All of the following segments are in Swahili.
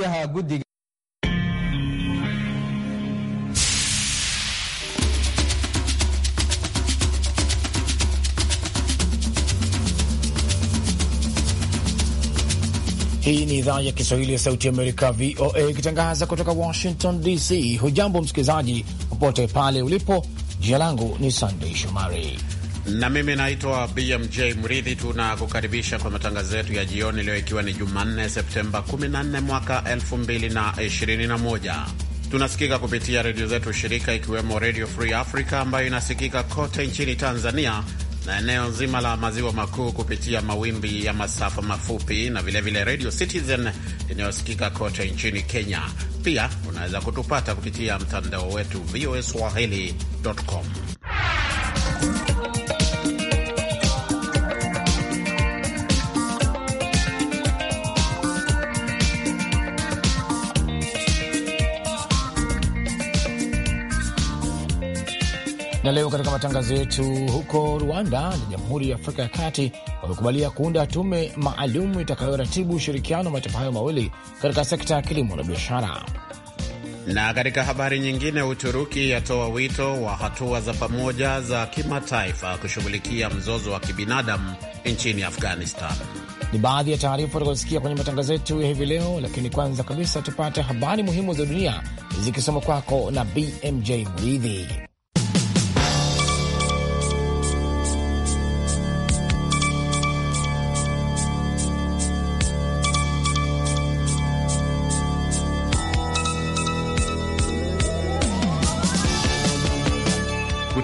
Hii ni idhaa ya Kiswahili ya Sauti Amerika, VOA, ikitangaza kutoka Washington DC. Hujambo msikilizaji, popote pale ulipo. Jina langu ni Sandei Shomari na mimi naitwa BMJ Mridhi. Tunakukaribisha kwa matangazo yetu ya jioni leo, ikiwa ni Jumanne Septemba 14 mwaka 2021. Tunasikika kupitia redio zetu shirika, ikiwemo Redio Free Africa ambayo inasikika kote nchini Tanzania na eneo zima la maziwa makuu kupitia mawimbi ya masafa mafupi na vilevile Radio Citizen inayosikika kote nchini Kenya. Pia unaweza kutupata kupitia mtandao wetu swahili.com. Na leo katika matangazo yetu, huko Rwanda na Jamhuri ya Afrika ya Kati wamekubalia kuunda tume maalum itakayoratibu ushirikiano wa mataifa hayo mawili katika sekta ya kilimo na biashara. Na katika habari nyingine, Uturuki yatoa wito wa hatua za pamoja za kimataifa kushughulikia mzozo wa kibinadamu nchini Afghanistan. Ni baadhi ya taarifa utakazosikia kwenye matangazo yetu ya hivi leo, lakini kwanza kabisa tupate habari muhimu za dunia zikisoma kwako na BMJ Muridhi.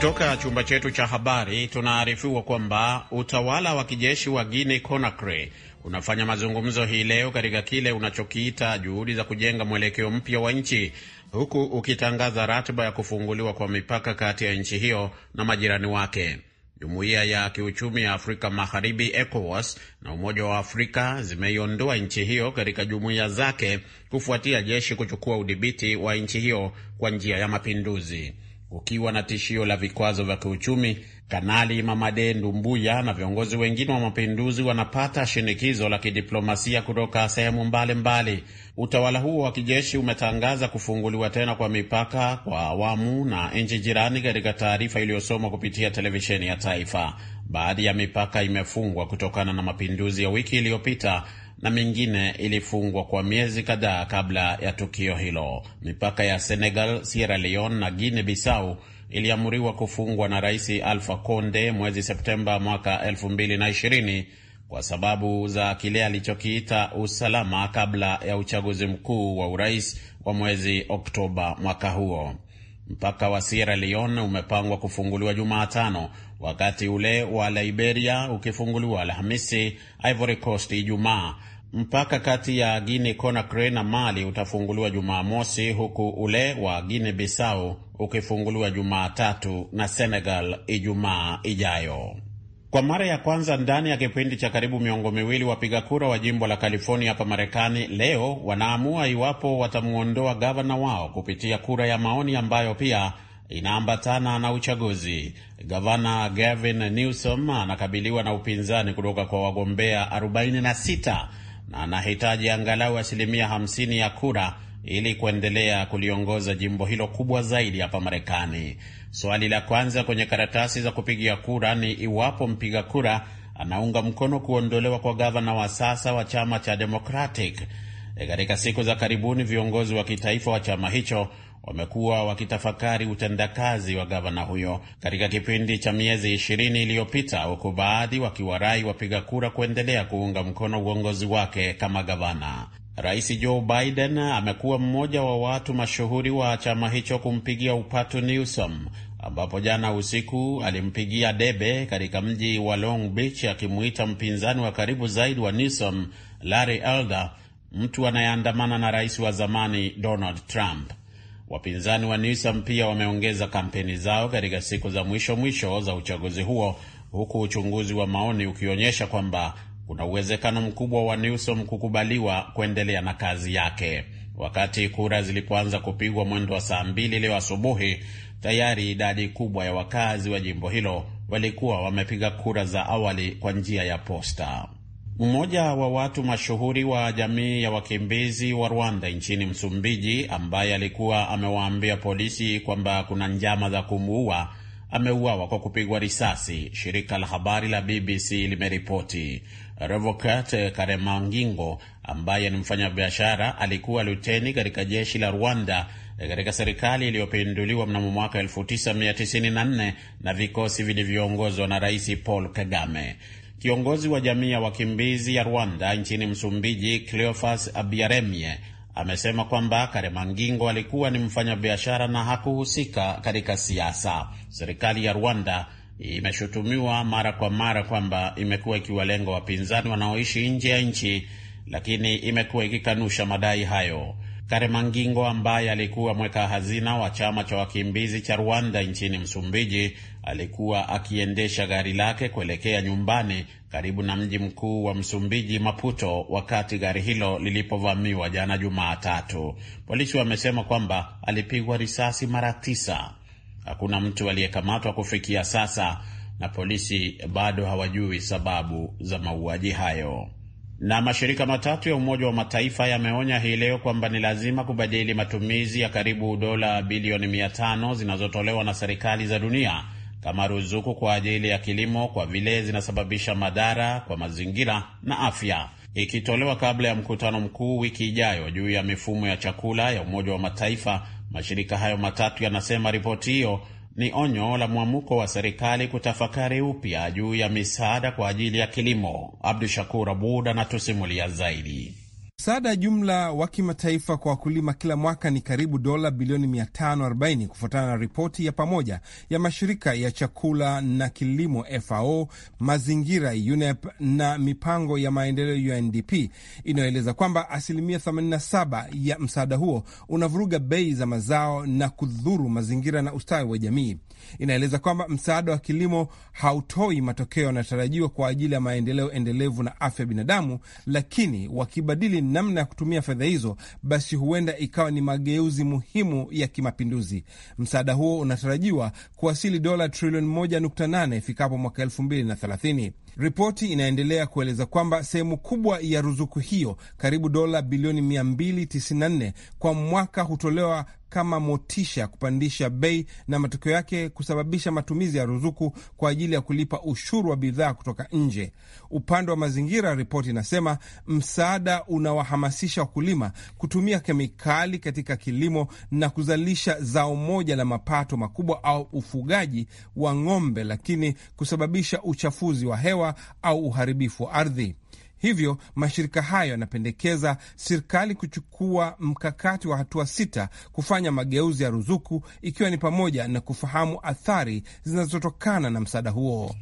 Kutoka chumba chetu cha habari tunaarifiwa kwamba utawala wa kijeshi wa Guinea Conakry unafanya mazungumzo hii leo katika kile unachokiita juhudi za kujenga mwelekeo mpya wa nchi huku ukitangaza ratiba ya kufunguliwa kwa mipaka kati ya nchi hiyo na majirani wake. Jumuiya ya kiuchumi ya Afrika Magharibi, ECOWAS, na Umoja wa Afrika zimeiondoa nchi hiyo katika jumuiya zake kufuatia jeshi kuchukua udhibiti wa nchi hiyo kwa njia ya mapinduzi kukiwa na tishio la vikwazo vya kiuchumi, Kanali Mamade Ndumbuya na viongozi wengine wa mapinduzi wanapata shinikizo la kidiplomasia kutoka sehemu mbalimbali. Utawala huo wa kijeshi umetangaza kufunguliwa tena kwa mipaka kwa awamu na nchi jirani katika taarifa iliyosomwa kupitia televisheni ya taifa. Baadhi ya mipaka imefungwa kutokana na mapinduzi ya wiki iliyopita na mingine ilifungwa kwa miezi kadhaa kabla ya tukio hilo. Mipaka ya Senegal, Sierra Leone na Guinea Bissau iliamriwa kufungwa na Rais Alpha Conde mwezi Septemba mwaka 2020 kwa sababu za kile alichokiita usalama kabla ya uchaguzi mkuu wa urais wa mwezi Oktoba mwaka huo. Mpaka wa Sierra Leone umepangwa kufunguliwa Jumatano, wakati ule wa Liberia ukifunguliwa Alhamisi, Ivory Coast Ijumaa, mpaka kati ya guine Conakry na Mali utafunguliwa Jumamosi, huku ule wa guine Bissau ukifunguliwa Jumatatu na Senegal Ijumaa ijayo. Kwa mara ya kwanza ndani ya kipindi cha karibu miongo miwili, wapiga kura wa jimbo la California hapa Marekani leo wanaamua iwapo watamwondoa gavana wao kupitia kura ya maoni ambayo pia inaambatana na uchaguzi. Gavana Gavin Newsom anakabiliwa na upinzani kutoka kwa wagombea 46 na anahitaji angalau asilimia 50 ya kura ili kuendelea kuliongoza jimbo hilo kubwa zaidi hapa Marekani. Swali la kwanza kwenye karatasi za kupigia kura ni iwapo mpiga kura anaunga mkono kuondolewa kwa gavana wa sasa wa chama cha Democratic. E, katika siku za karibuni viongozi wa kitaifa wa chama hicho wamekuwa wakitafakari utendakazi wa gavana huyo katika kipindi cha miezi ishirini iliyopita, huku baadhi wakiwarai wapiga kura kuendelea kuunga mkono uongozi wake kama gavana. Rais Joe Biden amekuwa mmoja wa watu mashuhuri wa chama hicho kumpigia upatu Newsom, ambapo jana usiku alimpigia debe katika mji wa Long Beach akimuita mpinzani wa karibu zaidi wa Newsom, Larry Elder, mtu anayeandamana na rais wa zamani Donald Trump. Wapinzani wa Nisam pia wameongeza kampeni zao katika siku za mwisho mwisho za uchaguzi huo, huku uchunguzi wa maoni ukionyesha kwamba kuna uwezekano mkubwa wa Newsom kukubaliwa kuendelea na kazi yake. Wakati kura zilipoanza kupigwa mwendo wa saa mbili leo asubuhi, tayari idadi kubwa ya wakazi wa jimbo hilo walikuwa wamepiga kura za awali kwa njia ya posta. Mmoja wa watu mashuhuri wa jamii ya wakimbizi wa Rwanda nchini Msumbiji, ambaye alikuwa amewaambia polisi kwamba kuna njama za kumuua, ameuawa kwa kupigwa risasi, shirika la habari la BBC limeripoti. Revocat Karemangingo ambaye ni mfanyabiashara, alikuwa luteni katika jeshi la Rwanda katika serikali iliyopinduliwa mnamo mwaka 1994 na vikosi vilivyoongozwa na Rais Paul Kagame. Kiongozi wa jamii ya wakimbizi ya Rwanda nchini Msumbiji, cleofas Abiaremye, amesema kwamba Karemangingo alikuwa ni mfanyabiashara na hakuhusika katika siasa. Serikali ya Rwanda imeshutumiwa mara kwa mara kwamba imekuwa ikiwalenga wapinzani wanaoishi nje ya nchi, lakini imekuwa ikikanusha madai hayo. Karemangingo ambaye alikuwa mweka hazina wa chama cha wakimbizi cha Rwanda nchini Msumbiji alikuwa akiendesha gari lake kuelekea nyumbani karibu na mji mkuu wa Msumbiji, Maputo, wakati gari hilo lilipovamiwa jana Jumatatu. Polisi wamesema kwamba alipigwa risasi mara tisa. Hakuna mtu aliyekamatwa kufikia sasa, na polisi bado hawajui sababu za mauaji hayo. Na mashirika matatu ya Umoja wa Mataifa yameonya hii leo kwamba ni lazima kubadili matumizi ya karibu dola bilioni mia tano zinazotolewa na serikali za dunia kama ruzuku kwa ajili ya kilimo kwa vile zinasababisha madhara kwa mazingira na afya, ikitolewa kabla ya mkutano mkuu wiki ijayo juu ya mifumo ya chakula ya Umoja wa Mataifa. Mashirika hayo matatu yanasema ripoti hiyo ni onyo la mwamuko wa serikali kutafakari upya juu ya misaada kwa ajili ya kilimo. Abdu Shakur Abud anatusimulia zaidi. Msaada jumla wa kimataifa kwa wakulima kila mwaka ni karibu dola bilioni 540 kufuatana na ripoti ya pamoja ya mashirika ya chakula na kilimo FAO, mazingira UNEP na mipango ya maendeleo UNDP, inayoeleza kwamba asilimia 87 ya msaada huo unavuruga bei za mazao na kudhuru mazingira na ustawi wa jamii. Inaeleza kwamba msaada wa kilimo hautoi matokeo yanayotarajiwa kwa ajili ya maendeleo endelevu na afya binadamu, lakini wakibadili namna ya kutumia fedha hizo, basi huenda ikawa ni mageuzi muhimu ya kimapinduzi. Msaada huo unatarajiwa kuwasili dola trilioni 1.8 ifikapo mwaka 2030. Ripoti inaendelea kueleza kwamba sehemu kubwa ya ruzuku hiyo, karibu dola bilioni 294 kwa mwaka, hutolewa kama motisha ya kupandisha bei na matokeo yake kusababisha matumizi ya ruzuku kwa ajili ya kulipa ushuru wa bidhaa kutoka nje. Upande wa mazingira, ripoti inasema msaada unawahamasisha wakulima kutumia kemikali katika kilimo na kuzalisha zao moja la mapato makubwa au ufugaji wa ng'ombe, lakini kusababisha uchafuzi wa hewa au uharibifu wa ardhi. Hivyo mashirika hayo yanapendekeza serikali kuchukua mkakati wa hatua sita kufanya mageuzi ya ruzuku, ikiwa ni pamoja na kufahamu athari zinazotokana na msaada huo.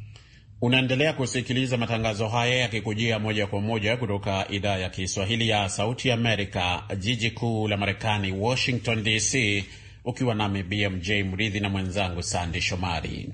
Unaendelea kusikiliza matangazo haya yakikujia moja kwa moja kutoka idhaa ya Kiswahili ya Sauti Amerika, jiji kuu la Marekani, Washington DC, ukiwa nami BMJ Mridhi na mwenzangu Sandi Shomari.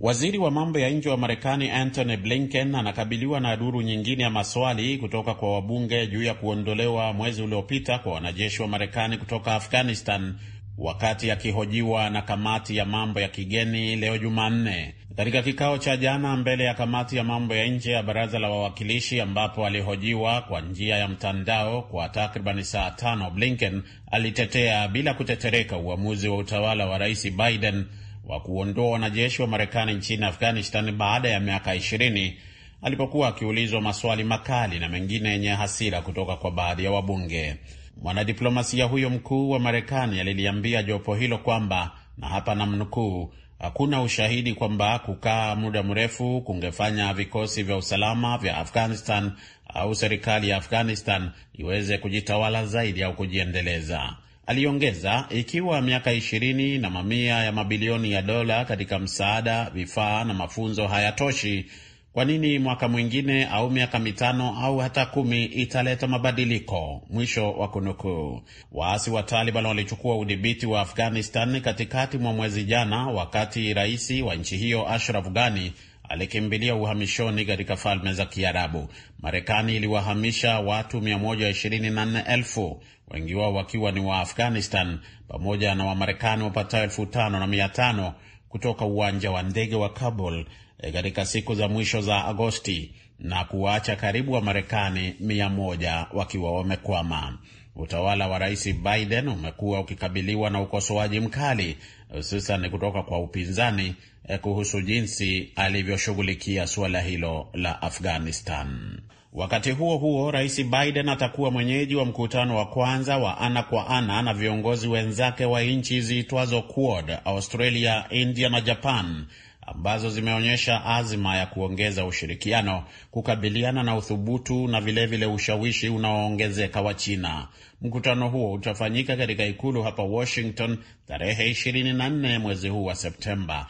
Waziri wa mambo ya nje wa Marekani Antony Blinken anakabiliwa na duru nyingine ya maswali kutoka kwa wabunge juu ya kuondolewa mwezi uliopita kwa wanajeshi wa Marekani kutoka Afghanistan wakati akihojiwa na kamati ya mambo ya kigeni leo Jumanne. Katika kikao cha jana mbele ya kamati ya mambo ya nje ya baraza la wawakilishi, ambapo alihojiwa kwa njia ya mtandao kwa takribani saa tano, Blinken alitetea bila kutetereka uamuzi wa utawala wa Rais Biden wa kuondoa wanajeshi wa Marekani nchini Afghanistan baada ya miaka ishirini alipokuwa akiulizwa maswali makali na mengine yenye hasira kutoka kwa baadhi ya wabunge. Mwanadiplomasia huyo mkuu wa Marekani aliliambia jopo hilo kwamba, na hapa namnukuu, hakuna ushahidi kwamba kukaa muda mrefu kungefanya vikosi vya usalama vya Afghanistan au serikali ya Afghanistan iweze kujitawala zaidi au kujiendeleza. Aliongeza, ikiwa miaka ishirini na mamia ya mabilioni ya dola katika msaada, vifaa na mafunzo hayatoshi, kwa nini mwaka mwingine au miaka mitano au hata kumi italeta mabadiliko? Mwisho wa kunukuu. Waasi wa Taliban walichukua udhibiti wa Afghanistan katikati mwa mwezi jana, wakati rais wa nchi hiyo Ashraf Ghani alikimbilia uhamishoni katika falme za Kiarabu. Marekani iliwahamisha watu 124,000 wengi wao wakiwa ni wa Afghanistan pamoja na Wamarekani wapatao elfu tano na mia tano kutoka uwanja wa ndege wa Kabul e, katika siku za mwisho za Agosti na kuwaacha karibu Wamarekani mia moja wakiwa wamekwama. Utawala wa Rais Biden umekuwa ukikabiliwa na ukosoaji mkali hususan kutoka kwa upinzani e, kuhusu jinsi alivyoshughulikia suala hilo la Afghanistan. Wakati huo huo, Rais Biden atakuwa mwenyeji wa mkutano wa kwanza wa ana kwa ana na viongozi wenzake wa nchi ziitwazo Quad, Australia, India na Japan ambazo zimeonyesha azma ya kuongeza ushirikiano kukabiliana na uthubutu na vilevile vile ushawishi unaoongezeka wa China. Mkutano huo utafanyika katika ikulu hapa Washington tarehe 24 mwezi huu wa Septemba,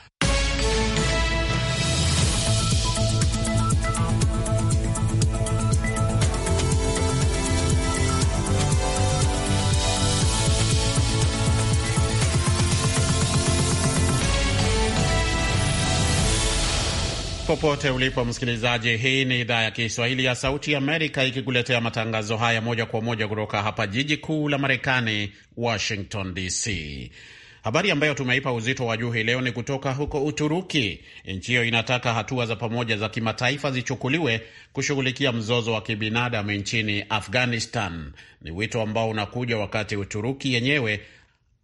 Popote ulipo msikilizaji, hii ni idhaa ya Kiswahili ya Sauti Amerika ikikuletea matangazo haya moja kwa moja kutoka hapa jiji kuu la Marekani, Washington DC. Habari ambayo tumeipa uzito wa juu hii leo ni kutoka huko Uturuki. Nchi hiyo inataka hatua za pamoja za kimataifa zichukuliwe kushughulikia mzozo wa kibinadamu nchini Afghanistan. Ni wito ambao unakuja wakati Uturuki yenyewe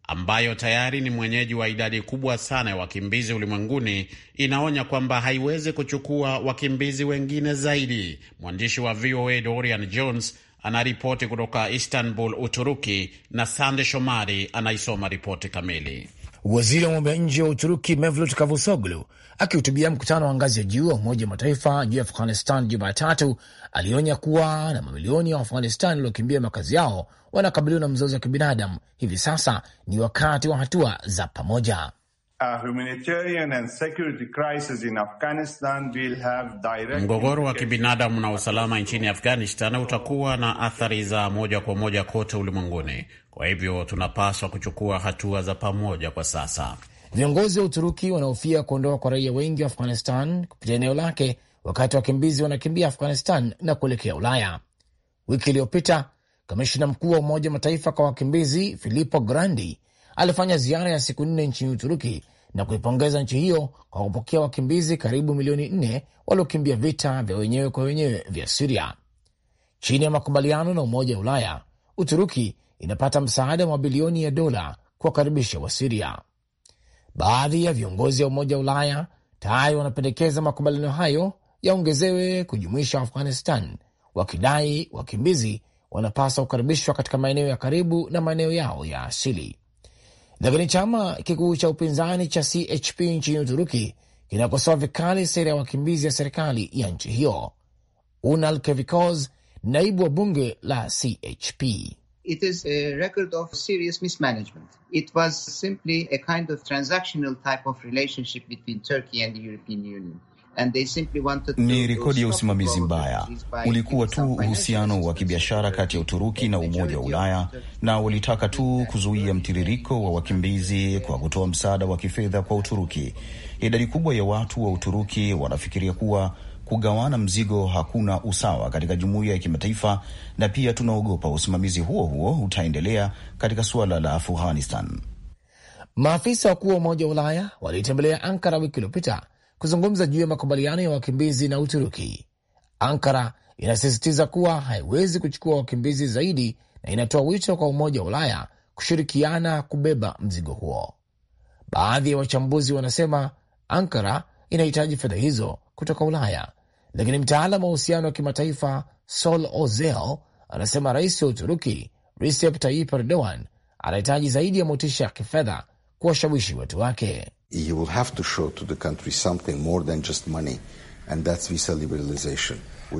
ambayo tayari ni mwenyeji wa idadi kubwa sana ya wakimbizi ulimwenguni inaonya kwamba haiwezi kuchukua wakimbizi wengine zaidi. Mwandishi wa VOA Dorian Jones anaripoti kutoka Istanbul, Uturuki, na Sande Shomari anaisoma ripoti kamili. Waziri wa mambo ya nje wa Uturuki Mevlut Cavusoglu Akihutubia mkutano wa ngazi ya juu wa Umoja wa Mataifa juu ya Afghanistan Jumatatu, alionya kuwa na mamilioni ya Waafghanistan waliokimbia makazi yao wanakabiliwa na mzozo wa kibinadamu. Hivi sasa ni wakati wa hatua za pamoja. Mgogoro wa kibinadamu na usalama nchini Afghanistan utakuwa na athari za moja kwa moja kote ulimwenguni. Kwa hivyo tunapaswa kuchukua hatua za pamoja kwa sasa. Viongozi wa Uturuki wanahofia kuondoka kwa raia wengi wa Afghanistan kupitia eneo lake wakati wakimbizi wanakimbia Afghanistan na kuelekea Ulaya. Wiki iliyopita kamishina mkuu wa Umoja Mataifa kwa wakimbizi Filippo Grandi alifanya ziara ya siku nne nchini Uturuki na kuipongeza nchi hiyo kwa kupokea wakimbizi karibu milioni nne waliokimbia vita vya wenyewe kwa wenyewe vya Siria. Chini ya makubaliano na Umoja wa Ulaya, Uturuki inapata msaada wa mabilioni ya dola kuwakaribisha Wasiria. Baadhi ya viongozi wa Umoja wa Ulaya tayari wanapendekeza makubaliano hayo yaongezewe kujumuisha Afghanistan, wakidai wakimbizi wanapaswa kukaribishwa katika maeneo ya karibu na maeneo yao ya asili. Lakini chama kikuu cha upinzani cha CHP nchini Uturuki kinakosoa vikali sera ya wakimbizi ya serikali ya nchi hiyo. Unal Kevikoz, naibu wa bunge la CHP It is a record of serious mismanagement. It was simply a kind of transactional type of relationship between Turkey and the European Union. And they simply wanted to ni rekodi ya usimamizi mbaya. Ulikuwa tu uhusiano wa kibiashara kati ya Uturuki na Umoja wa Ulaya, na walitaka tu kuzuia mtiririko wa wakimbizi kwa kutoa msaada wa kifedha kwa Uturuki. Idadi kubwa ya watu wa Uturuki wanafikiria kuwa kugawana mzigo, hakuna usawa katika jumuiya ya kimataifa, na pia tunaogopa usimamizi huo huo utaendelea katika suala la Afghanistan. Maafisa wakuu wa Umoja wa Ulaya walitembelea Ankara wiki iliyopita kuzungumza juu ya makubaliano ya wakimbizi na Uturuki. Ankara inasisitiza kuwa haiwezi kuchukua wakimbizi zaidi na inatoa wito kwa Umoja wa Ulaya kushirikiana kubeba mzigo huo. Baadhi ya wachambuzi wanasema Ankara inahitaji fedha hizo kutoka Ulaya lakini mtaalam wa uhusiano wa kimataifa Sol Ozel anasema rais wa Uturuki Recep Tayyip Erdogan anahitaji zaidi ya motisha ya kifedha kuwashawishi watu wake.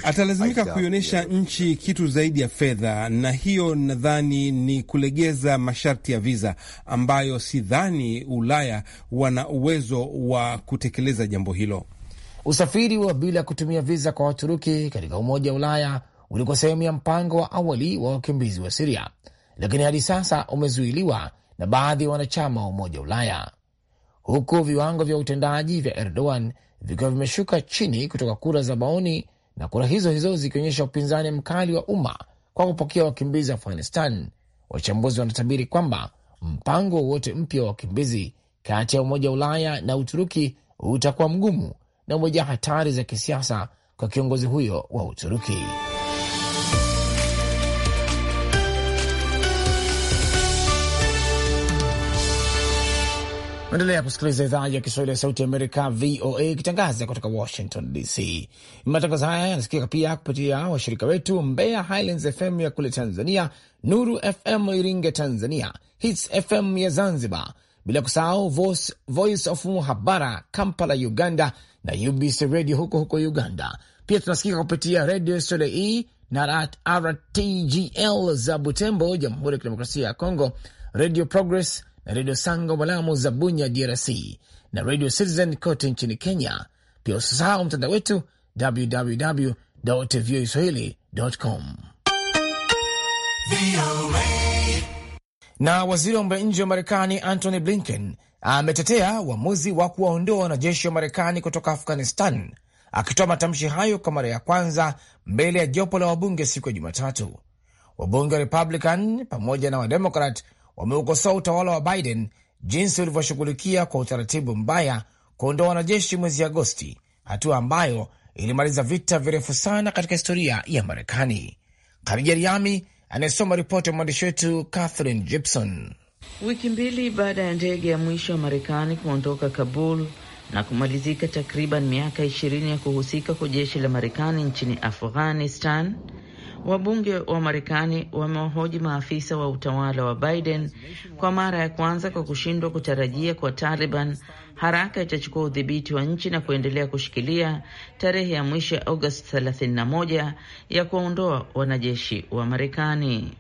Atalazimika kuionyesha nchi kitu zaidi ya fedha, na hiyo nadhani ni kulegeza masharti ya viza, ambayo sidhani Ulaya wana uwezo wa kutekeleza jambo hilo. Usafiri wa bila kutumia viza kwa Waturuki katika Umoja wa Ulaya ulikuwa sehemu ya mpango wa awali wa wakimbizi wa Siria, lakini hadi sasa umezuiliwa na baadhi ya wanachama wa Umoja wa Ulaya, huku viwango vya utendaji vya Erdogan vikiwa vimeshuka chini kutoka kura za maoni na kura hizo hizo zikionyesha upinzani mkali wa umma kwa kupokea wakimbizi Afghanistan. Wachambuzi wanatabiri kwamba mpango wowote mpya wa wakimbizi kati ya Umoja wa Ulaya na Uturuki utakuwa mgumu na umejaa hatari za kisiasa kwa kiongozi huyo wa Uturuki. Endelea kusikiliza idhaa ya Kiswahili ya Sauti ya Amerika, VOA, ikitangaza kutoka Washington DC. Matangazo haya yanasikika pia kupitia washirika wetu Mbeya Highlands FM ya kule Tanzania, Nuru FM iringe Tanzania, Hits FM ya Zanzibar, bila kusahau Voice of Muhabara Kampala, Uganda, na UBC redio huko huko Uganda. Pia tunasikika kupitia redio Solei e na RTGL za Butembo, Jamhuri ya Kidemokrasia ya Kongo, Radio Progress na redio Sango Malamu za Bunya, DRC, na Radio Citizen kote nchini Kenya. Pia usisahau mtandao wetu www voa Na waziri wa mambo ya nje wa Marekani Antony Blinken ametetea uamuzi wa kuwaondoa wanajeshi wa Marekani kutoka Afghanistan, akitoa matamshi hayo kwa mara ya kwanza mbele ya jopo la wabunge siku ya Jumatatu. Wabunge wa Republican pamoja na Wademokrat wameukosoa utawala wa Biden jinsi ulivyoshughulikia kwa utaratibu mbaya kuondoa wanajeshi mwezi Agosti, hatua ambayo ilimaliza vita virefu sana katika historia ya Marekani. Khadija anayesoma ripoti ya mwandishi wetu Catherine Gibson. Wiki mbili baada ya ndege ya mwisho ya Marekani kuondoka Kabul na kumalizika takriban miaka ishirini ya kuhusika kwa jeshi la Marekani nchini Afghanistan, wabunge wa Marekani wamewahoji maafisa wa utawala wa Biden kwa mara ya kwanza kwa kushindwa kutarajia kwa Taliban haraka itachukua udhibiti wa nchi na kuendelea kushikilia tarehe ya mwisho ya Agosti 31 ya kuwaondoa wanajeshi wa Marekani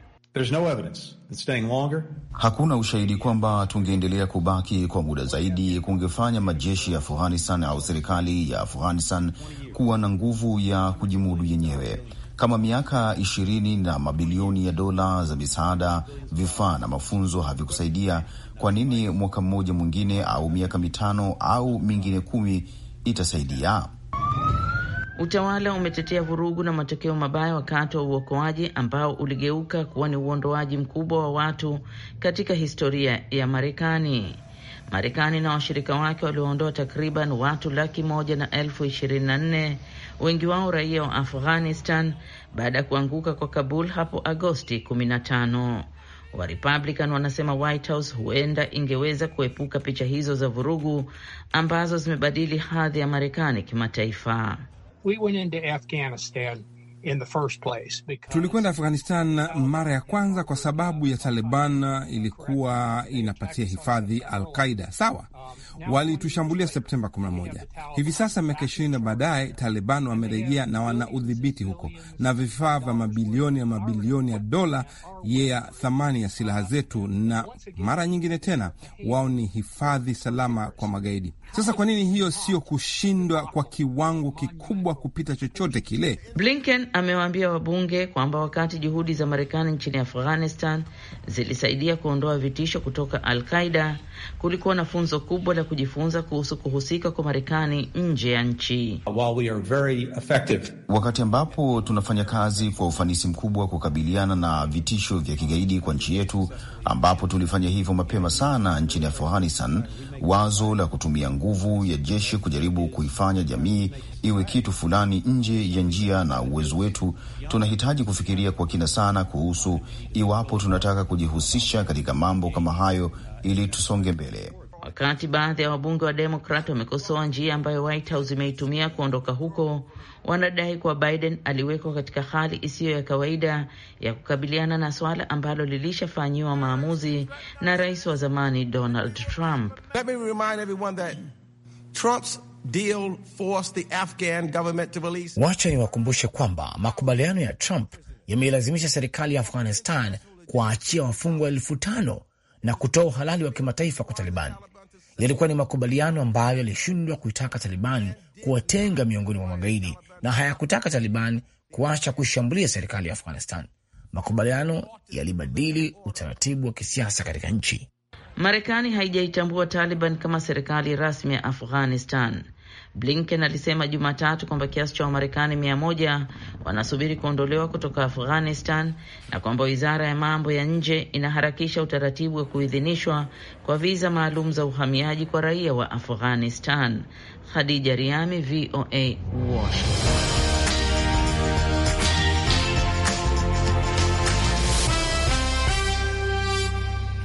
no evidence that staying longer... hakuna ushahidi kwamba tungeendelea kubaki kwa muda zaidi kungefanya majeshi ya Afghanistan au serikali ya Afghanistan kuwa na nguvu ya kujimudu yenyewe. Kama miaka ishirini na mabilioni ya dola za misaada, vifaa na mafunzo havikusaidia, kwa nini mwaka mmoja mwingine au miaka mitano au mingine kumi itasaidia? Utawala umetetea vurugu na matokeo mabaya wakati wa uokoaji ambao uligeuka kuwa ni uondoaji mkubwa wa watu katika historia ya Marekani. Marekani na washirika wake walioondoa takriban watu laki moja na elfu ishirini na nne, wengi wao raia wa Afghanistan, baada ya kuanguka kwa Kabul hapo Agosti 15. Wa Republican wanasema White House huenda ingeweza kuepuka picha hizo za vurugu ambazo zimebadili hadhi ya Marekani kimataifa. we went into Afghanistan in the first place because... Tulikwenda Afghanistan mara ya kwanza kwa sababu ya Taliban ilikuwa inapatia hifadhi Al-Qaida. Sawa, walitushambulia Septemba 11. Hivi sasa miaka ishirini baadaye Taliban wamerejea na wana udhibiti huko na vifaa vya mabilioni ya mabilioni ya dola ya yeah, thamani ya silaha zetu, na mara nyingine tena wao ni hifadhi salama kwa magaidi. Sasa kwa nini hiyo sio kushindwa kwa kiwango kikubwa kupita chochote kile? Blinken amewaambia wabunge kwamba wakati juhudi za Marekani nchini Afghanistan zilisaidia kuondoa vitisho kutoka Al Qaida, kulikuwa na funzo kubwa la kujifunza kuhusu kuhusika kwa Marekani nje ya nchi. Wakati ambapo tunafanya kazi kwa ufanisi mkubwa kukabiliana na vitisho vya kigaidi kwa nchi yetu, ambapo tulifanya hivyo mapema sana nchini Afghanistan, wazo la kutumia nguvu ya jeshi kujaribu kuifanya jamii iwe kitu fulani nje ya njia na uwezo wetu. Tunahitaji kufikiria kwa kina sana kuhusu iwapo tunataka kujihusisha katika mambo kama hayo ili tusonge mbele. Wakati baadhi ya wabunge wa Demokrat wamekosoa njia ambayo White House imeitumia kuondoka huko, wanadai kuwa Biden aliwekwa katika hali isiyo ya kawaida ya kukabiliana na swala ambalo lilishafanyiwa maamuzi na rais wa zamani Donald Trump. Let me remind everyone that Trump's deal forced the Afghan government to release... Wacha niwakumbushe kwamba makubaliano ya Trump yameilazimisha serikali ya Afghanistan kuwaachia wafungwa elfu tano na kutoa uhalali wa kimataifa kwa Taliban yalikuwa ni makubaliano ambayo yalishindwa kuitaka Taliban kuwatenga miongoni mwa magaidi na hayakutaka Taliban kuacha kuishambulia serikali ya Afghanistan. Makubaliano yalibadili utaratibu wa kisiasa katika nchi. Marekani haijaitambua Taliban kama serikali rasmi ya Afghanistan Blinken alisema Jumatatu kwamba kiasi cha Wamarekani mia moja wanasubiri kuondolewa kutoka Afghanistan na kwamba wizara ya mambo ya nje inaharakisha utaratibu wa kuidhinishwa kwa viza maalum za uhamiaji kwa raia wa Afghanistan. Khadija Riami, VOA, Washington.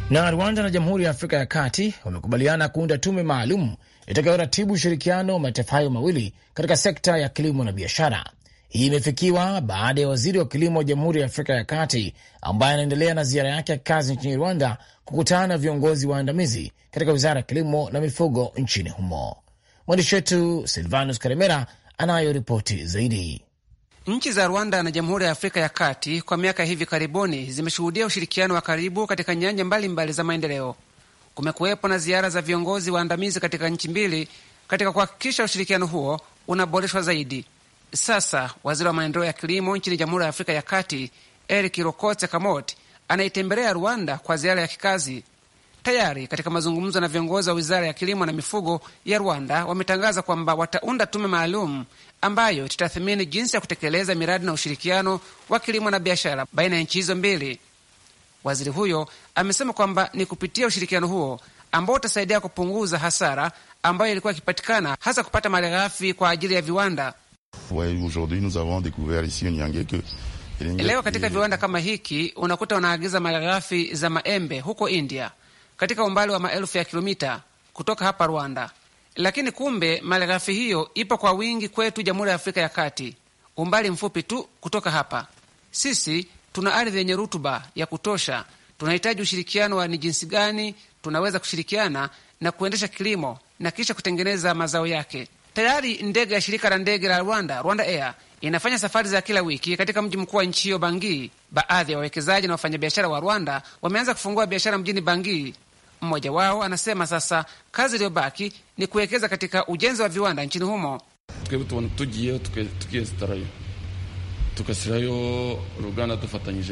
Na Rwanda na Jamhuri ya Afrika ya Kati wamekubaliana kuunda tume maalum itakayoratibu ushirikiano wa mataifa hayo mawili katika sekta ya kilimo na biashara. Hii imefikiwa baada ya waziri wa kilimo wa Jamhuri ya Afrika ya Kati ambaye anaendelea na ziara yake ya kazi nchini Rwanda kukutana na viongozi waandamizi katika wizara ya kilimo na mifugo nchini humo. Mwandishi wetu Silvanus Karemera anayo ripoti zaidi. Nchi za Rwanda na Jamhuri ya Afrika ya Kati kwa miaka hivi karibuni zimeshuhudia ushirikiano wa karibu katika nyanja mbalimbali mbali za maendeleo kumekuwepo na ziara za viongozi waandamizi katika nchi mbili katika kuhakikisha ushirikiano huo unaboreshwa zaidi. Sasa waziri wa maendeleo ya kilimo nchini Jamhuri ya Afrika ya Kati Eric Lokotse Kamot anaitembelea Rwanda kwa ziara ya kikazi. Tayari katika mazungumzo na viongozi wa wizara ya kilimo na mifugo ya Rwanda wametangaza kwamba wataunda tume maalum ambayo itatathmini jinsi ya kutekeleza miradi na ushirikiano wa kilimo na biashara baina ya nchi hizo mbili. Waziri huyo amesema kwamba ni kupitia ushirikiano huo ambao utasaidia kupunguza hasara ambayo ilikuwa ikipatikana hasa kupata malighafi kwa ajili ya viwanda. Leo katika viwanda kama hiki unakuta wanaagiza malighafi za maembe huko India katika umbali wa maelfu ya kilomita kutoka hapa Rwanda, lakini kumbe malighafi hiyo ipo kwa wingi kwetu Jamhuri ya Afrika ya Kati, umbali mfupi tu kutoka hapa sisi tuna ardhi yenye rutuba ya kutosha. Tunahitaji ushirikiano wa ni jinsi gani tunaweza kushirikiana na kuendesha kilimo na kisha kutengeneza mazao yake. Tayari ndege ya shirika la ndege la Rwanda, Rwanda Air, inafanya safari za kila wiki katika mji mkuu wa nchi hiyo bangi Baadhi ya wawekezaji na wafanyabiashara wa Rwanda wameanza kufungua biashara mjini bangi Mmoja wao anasema sasa kazi iliyobaki ni kuwekeza katika ujenzi wa viwanda nchini humo.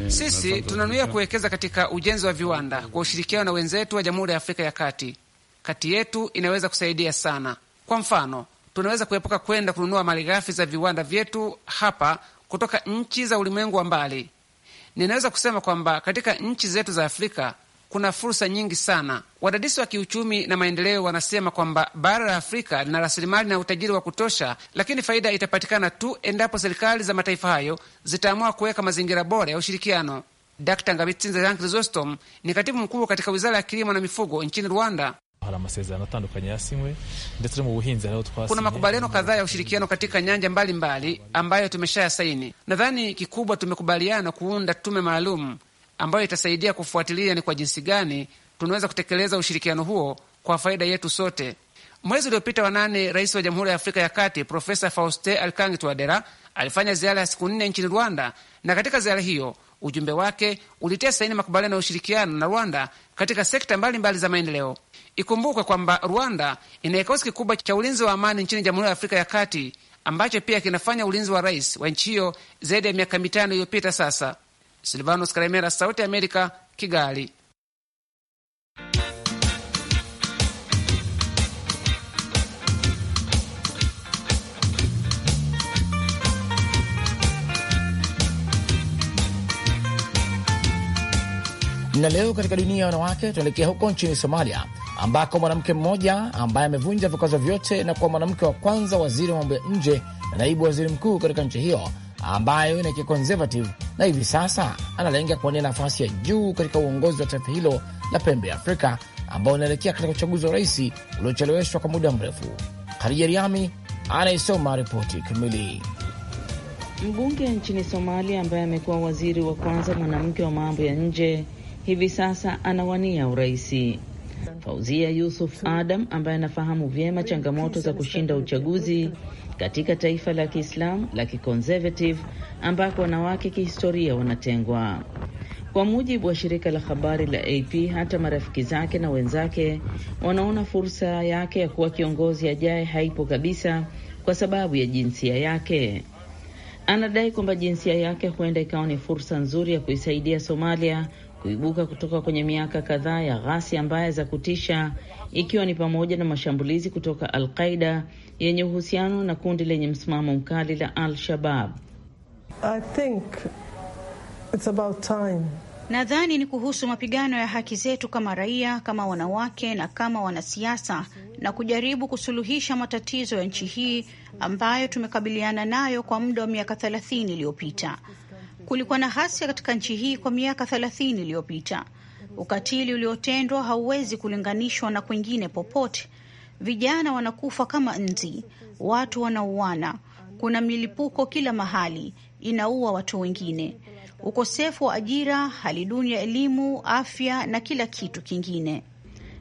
Sisi tunanuia kuwekeza katika ujenzi wa viwanda kwa ushirikiano na wenzetu wa Jamhuri ya Afrika ya Kati. Kati yetu inaweza kusaidia sana. Kwa mfano, tunaweza kuepuka kwenda kununua malighafi za viwanda vyetu hapa kutoka nchi za ulimwengu wa mbali. Ninaweza kusema kwamba katika nchi zetu za Afrika kuna fursa nyingi sana. Wadadisi wa kiuchumi na maendeleo wanasema kwamba bara la Afrika lina rasilimali na utajiri wa kutosha, lakini faida itapatikana tu endapo serikali za mataifa hayo zitaamua kuweka mazingira bora ya ushirikiano. Dkt Ngabitsinze Jean Chrysostom ni katibu mkuu katika wizara ya kilimo na mifugo nchini Rwanda. Kuna makubaliano kadhaa ya ushirikiano katika nyanja mbalimbali mbali ambayo tumeshayasaini. Nadhani kikubwa tumekubaliana kuunda tume maalum ambayo itasaidia kufuatilia ni kwa jinsi gani tunaweza kutekeleza ushirikiano huo kwa faida yetu sote. Mwezi uliopita wa nane, rais wa Jamhuri ya Afrika ya Kati Profesa Fauste Archange Twadera alifanya ziara ya siku nne nchini Rwanda, na katika ziara hiyo ujumbe wake ulitia saini makubaliano ya ushirikiano na Rwanda katika sekta mbalimbali mbali za maendeleo. Ikumbukwe kwamba Rwanda ina kikosi kikubwa cha ulinzi wa amani nchini Jamhuri ya Afrika ya Kati ambacho pia kinafanya ulinzi wa rais wa nchi hiyo zaidi ya miaka mitano iliyopita sasa. Silvanus Karemera, Sauti Amerika, Kigali. Na leo katika dunia ya wanawake tunaelekea huko nchini Somalia, ambako mwanamke mmoja ambaye amevunja vikwazo vyote na kuwa mwanamke wa kwanza waziri wa mambo ya nje na naibu waziri mkuu katika nchi hiyo ambayo ni conservative na hivi sasa analenga kuwania nafasi ya juu katika uongozi wa taifa hilo la pembe ya Afrika ambao unaelekea katika uchaguzi wa rais uliocheleweshwa kwa muda mrefu. Khadija Riami anaisoma ripoti kamili. Mbunge nchini Somalia ambaye amekuwa waziri wa kwanza mwanamke wa mambo ya nje hivi sasa anawania uraisi. Fauzia Yusuf Adam ambaye anafahamu vyema changamoto za kushinda uchaguzi katika taifa la Kiislamu la kiconservative ambako wanawake kihistoria wanatengwa. Kwa mujibu wa shirika la habari la AP, hata marafiki zake na wenzake wanaona fursa yake ya kuwa kiongozi ajaye haipo kabisa kwa sababu ya jinsia yake. Anadai kwamba jinsia yake huenda ikawa ni fursa nzuri ya kuisaidia Somalia kuibuka kutoka kwenye miaka kadhaa ya ghasia mbaya za kutisha, ikiwa ni pamoja na mashambulizi kutoka Al-Qaida yenye uhusiano na kundi lenye msimamo mkali la Al-Shabab. Nadhani ni kuhusu mapigano ya haki zetu kama raia, kama wanawake na kama wanasiasa, na kujaribu kusuluhisha matatizo ya nchi hii ambayo tumekabiliana nayo kwa muda wa miaka 3 iliyopita. Kulikuwa na hasia katika nchi hii kwa miaka thelathini iliyopita. Ukatili uliotendwa hauwezi kulinganishwa na kwingine popote. Vijana wanakufa kama nzi, watu wanauana, kuna milipuko kila mahali, inaua watu wengine, ukosefu wa ajira, hali duni ya elimu, afya na kila kitu kingine.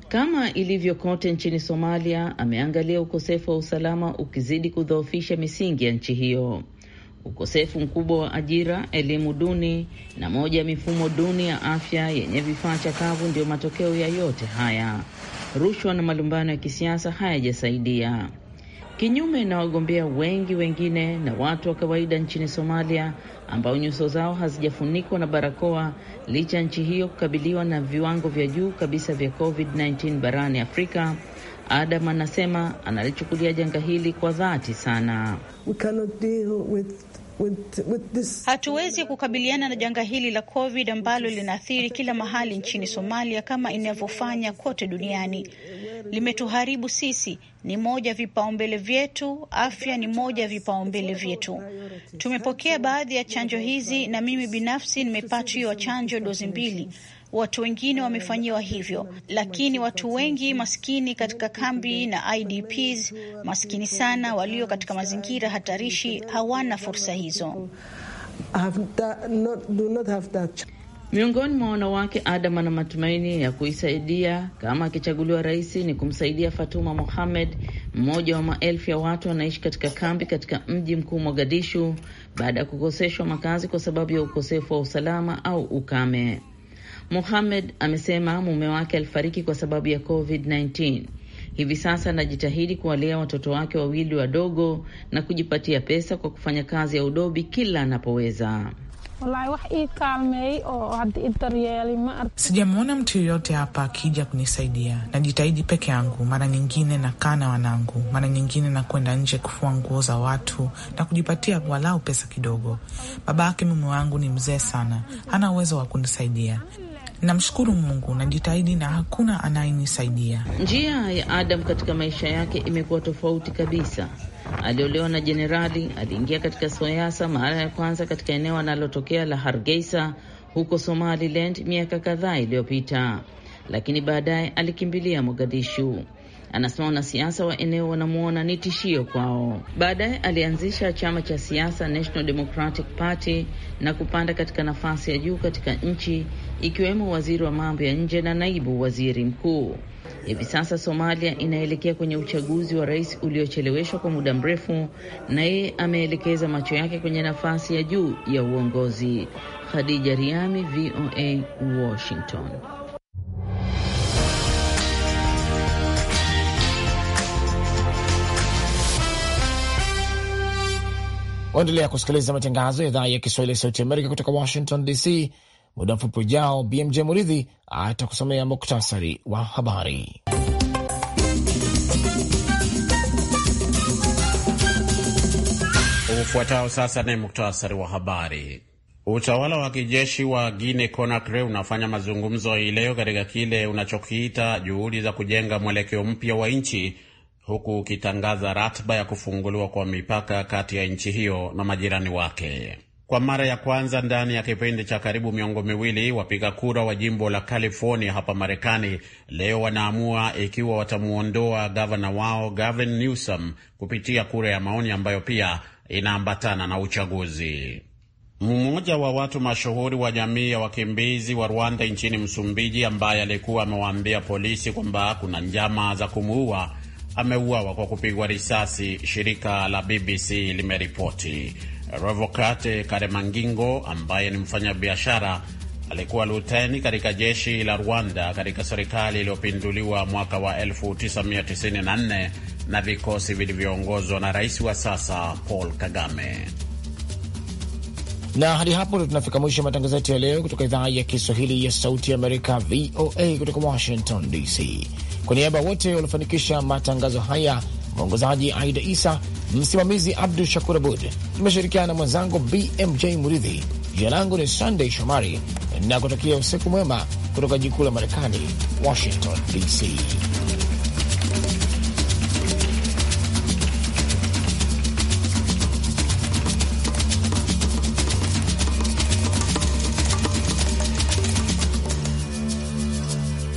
Kama ilivyo kote nchini Somalia, ameangalia ukosefu wa usalama ukizidi kudhoofisha misingi ya nchi hiyo ukosefu mkubwa wa ajira, elimu duni na moja ya mifumo duni ya afya yenye vifaa chakavu ndiyo matokeo ya yote haya. Rushwa na malumbano ya kisiasa hayajasaidia, kinyume na wagombea wengi wengine na watu wa kawaida nchini Somalia ambao nyuso zao hazijafunikwa na barakoa, licha ya nchi hiyo kukabiliwa na viwango vya juu kabisa vya COVID-19 barani Afrika. Adam anasema analichukulia janga hili kwa dhati sana. We cannot deal with hatuwezi kukabiliana na janga hili la COVID ambalo linaathiri kila mahali nchini Somalia kama inavyofanya kote duniani. Limetuharibu sisi, ni moja ya vipaumbele vyetu. Afya ni moja ya vipaumbele vyetu. Tumepokea baadhi ya chanjo hizi na mimi binafsi nimepatiwa chanjo dozi mbili watu wengine wamefanyiwa hivyo, lakini watu wengi maskini katika kambi na IDPs maskini sana, walio katika mazingira hatarishi hawana fursa hizo. Miongoni mwa wanawake, Adam ana matumaini ya kuisaidia kama akichaguliwa rais, ni kumsaidia Fatuma Mohamed, mmoja wa maelfu ya watu wanaishi katika kambi katika mji mkuu Mogadishu, baada ya kukoseshwa makazi kwa sababu ya ukosefu wa usalama au ukame. Mohamed amesema mume wake alifariki kwa sababu ya COVID-19. Hivi sasa anajitahidi kuwalea watoto wake wawili wadogo na kujipatia pesa kwa kufanya kazi ya udobi kila anapoweza. Sijamwona mtu yoyote hapa akija kunisaidia. Najitahidi peke yangu, mara nyingine nakaa na wanangu, mara nyingine nakwenda nje kufua nguo za watu na kujipatia walau pesa kidogo. Baba yake mume wangu ni mzee sana, hana uwezo wa kunisaidia. Namshukuru Mungu, najitahidi na hakuna anayenisaidia. Njia ya Adam katika maisha yake imekuwa tofauti kabisa. Aliolewa na jenerali, aliingia katika siasa mara ya kwanza katika eneo analotokea la Hargeisa huko Somaliland miaka kadhaa iliyopita, lakini baadaye alikimbilia Mogadishu. Anasema wanasiasa wa eneo wanamwona ni tishio kwao. Baadaye alianzisha chama cha siasa National Democratic Party na kupanda katika nafasi ya juu katika nchi, ikiwemo waziri wa mambo ya nje na naibu waziri mkuu. Hivi sasa Somalia inaelekea kwenye uchaguzi wa rais uliocheleweshwa kwa muda mrefu, na yeye ameelekeza macho yake kwenye nafasi ya juu ya uongozi. Khadija Riami, VOA, Washington. Waendelea kusikiliza matangazo ya idhaa ya Kiswahili ya Sauti Amerika kutoka Washington DC. Muda mfupi ujao, BMJ Muridhi atakusomea muktasari wa habari. Ufuatao sasa ni muktasari wa habari. Utawala wa kijeshi wa Guinea Conakry unafanya mazungumzo hii leo katika kile unachokiita juhudi za kujenga mwelekeo mpya wa nchi huku ukitangaza ratiba ya kufunguliwa kwa mipaka kati ya nchi hiyo na majirani wake. Kwa mara ya kwanza ndani ya kipindi cha karibu miongo miwili, wapiga kura wa jimbo la California hapa Marekani leo wanaamua ikiwa watamwondoa gavana wao Gavin Newsom kupitia kura ya maoni ambayo pia inaambatana na uchaguzi. Mmoja wa watu mashuhuri wa jamii ya wakimbizi wa Rwanda nchini Msumbiji, ambaye alikuwa amewaambia polisi kwamba kuna njama za kumuua ameuawa kwa kupigwa risasi, shirika la BBC limeripoti. Revocate Karemangingo ambaye ni mfanyabiashara alikuwa luteni katika jeshi la Rwanda katika serikali iliyopinduliwa mwaka wa 1994 na vikosi vilivyoongozwa na rais wa sasa Paul Kagame. Na hadi hapo ndio tunafika mwisho matangazo yetu ya leo kutoka idhaa ya Kiswahili ya Sauti ya Amerika, VOA, kutoka Washington DC. Kwa niaba wote waliofanikisha matangazo haya, mwongozaji Aida Isa, msimamizi Abdu Shakur Abud, nimeshirikiana na mwenzangu BMJ Muridhi. Jina langu ni sandey Shomari na kutakia usiku mwema kutoka jikuu la Marekani, Washington DC.